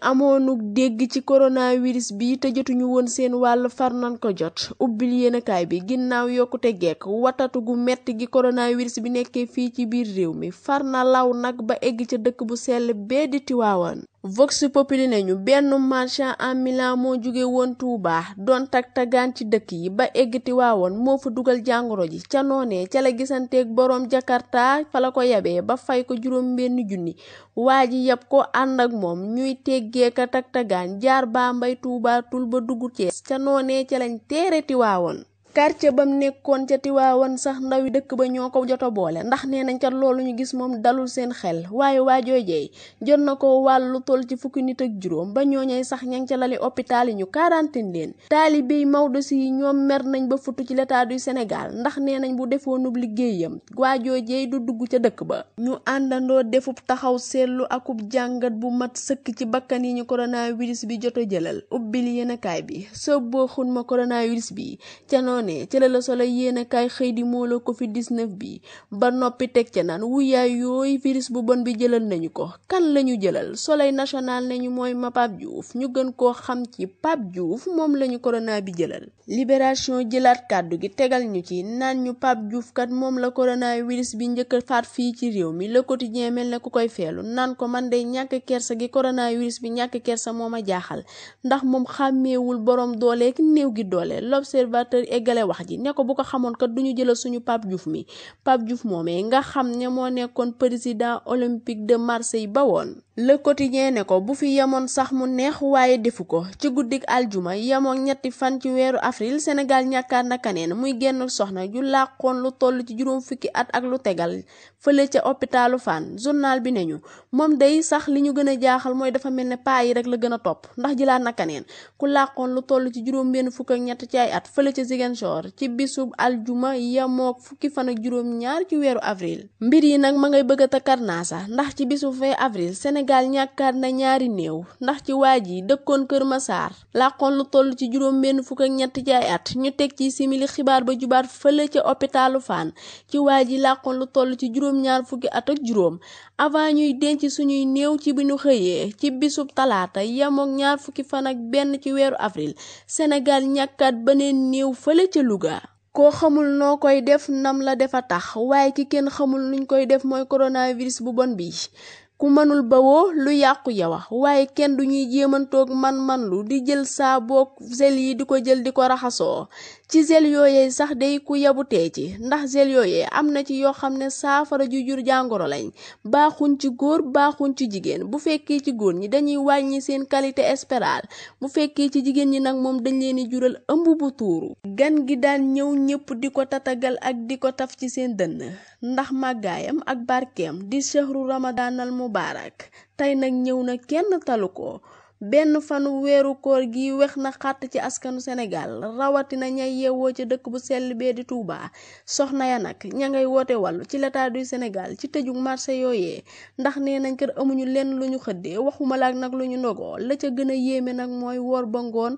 amoon amoonug dégg ci coronavirus bi te jotuñu woon seen wàll far nan ko jot ubbil yéenekaay bi ginnaaw yokkute gekk watatu gu metti gi coronavirus bi nekkee fii ci biir réew mi far na law nag ba egg ca dëkk bu sell bee di Tiwaawan vox populi nañu benn marchand ambulant moo jóge woon Touba doon tag-tagaan ci dëkk yi ba eggti waawoon moo fa dugal jàngoro ji ca noonee ca la gisanteeg boroom jakarta fa la ko yabee ba fay ko juróom benn junni waa ji yab ko ànd ak moom ñuy teggeeka tag-tagaan jaar baa mbay tul ba dugg Cees ca noonee ca lañ teereti waawoon quartier ba mu nekkoon ca Tiwaawan sax ndawi dëkk ba ñoo ko joto boole ndax nee nañ ca loolu ñu gis moom dalul seen xel waaye waajoojee jot na ko wàllu toll ci fukki nit ak juróom ba ñooñey sax ña ngi ca lali hôpital yi ñu quarantaine leen taalibe Maodo si ñoom mer nañ ba futu ci l'état du Sénégal ndax nee nañ bu defoonub liggéeyam waajoojee du dugg ca dëkk ba ñu àndandoo defub taxaw seetlu akub jàngat bu mat sëkk ci bakkan yi ñu coronavirus bi joto jëlal ubbil yenekaay bi soo boo xun ma coronavirus bi noonee ci la la Soleil yéenekaay xëy di mooloo covid-19 bi ba noppi teg ca naan wuyaay yooyu virus bu bon bi jëlal nañu ko kan lañu jëlal Soleil national nañu mooy ma Pape Diouf ñu gën koo xam ci Pape Diouf moom lañu corona bi jëlal Libération jëlaat kàddu gi tegal ñu ci naan ñu Pape Diouf kat moom la coronavirus bi njëkk a faat fii ci réew mi la Quotidien mel na ku koy feelu naan ko man day ñàkk kerse gi corona coronavirus bi ñàkk kersa moo ma jaaxal ndax moom xàmmeewul borom dooleek yeggale wax ji ne ko bu ko xamoon kat duñu jëlal suñu Pape Diouf mi Pape Diouf moomee nga xam ne moo nekkoon président olympique de Marseille ba woon le quotidien ne ko bu fi yemoon sax mu neex waaye defu ko ci guddi aljuma yemoon ñetti fan ci weeru avril Sénégal ñàkkaar na kaneen muy génn soxna ju làqoon lu toll ci juróom fukki at ak lu tegal fële ca hôpitalu fan journal bi ne ñu moom day sax li ñu gën a jaaxal mooy dafa mel ne paa yi rek la gën a topp ndax jëlaat na Ziguinchor ci bisub aljuma yamook fukki fan ak juróom ñaar ci weeru avril mbir yi nag ma ngay bëgg a takkar naasa ndax ci bisub 20 avril Sénégal ñàkkaat na ñaari néew ndax ci waa ji dëkkoon Kër Masaar làqoon lu toll ci juróom benn fukk ak ñett at ñu teg ci simili xibaar ba jubaat fële ca opitaalu Fann ci waa ji làqoon lu toll ci juróom fukki at juróom avant ñuy denc suñuy néew ci bi ñu xëyee ci bisub talaata yamook ñaar fukki fan ak benn ci weeru avril Sénégal ñàkkaat beneen néew fële ca Louga koo xamul noo koy def nam la defa tax waaye ki kenn xamul nuñ koy def mooy coronavirus bu bon bi ku mënul bawoo lu yàqu ya wax waaye kenn du duñuy jéemantoog man-man lu di jël saa boog zel yi di ko jël di ko raxasoo ci yoo yee sax day ku yabutee ci ndax zel yooyee am na ci yoo xam ne saafara ju jur jàngoro lañ baaxuñ ci góor baaxuñ ci jigéen bu fekkee ci góor ñi dañuy wàññi seen qualité espérale bu fekkee ci jigéen ñi nag moom dañ leen di jural ëmb bu tuuru gan gi daan ñëw ñëpp di ko tatagal ak di ko taf ci seen dënn ndax màggaayam ak barkeem mubaarak tey nag ñëw na kenn talu ko benn fanu weeru koor gi wex na xàtt ci askanu Sénégal rawatina ñay yeewoo ca dëkk bu sell bee di Touba soxna ya nag ña ngay woote wàllu ci l'état du Sénégal ci tëju marché yooyee ndax nee nañ kër amuñu lenn lu ñu xëddee waxuma laak nag lu ñu ndogoo la ca gën a yéeme nag mooy woor ba ngoon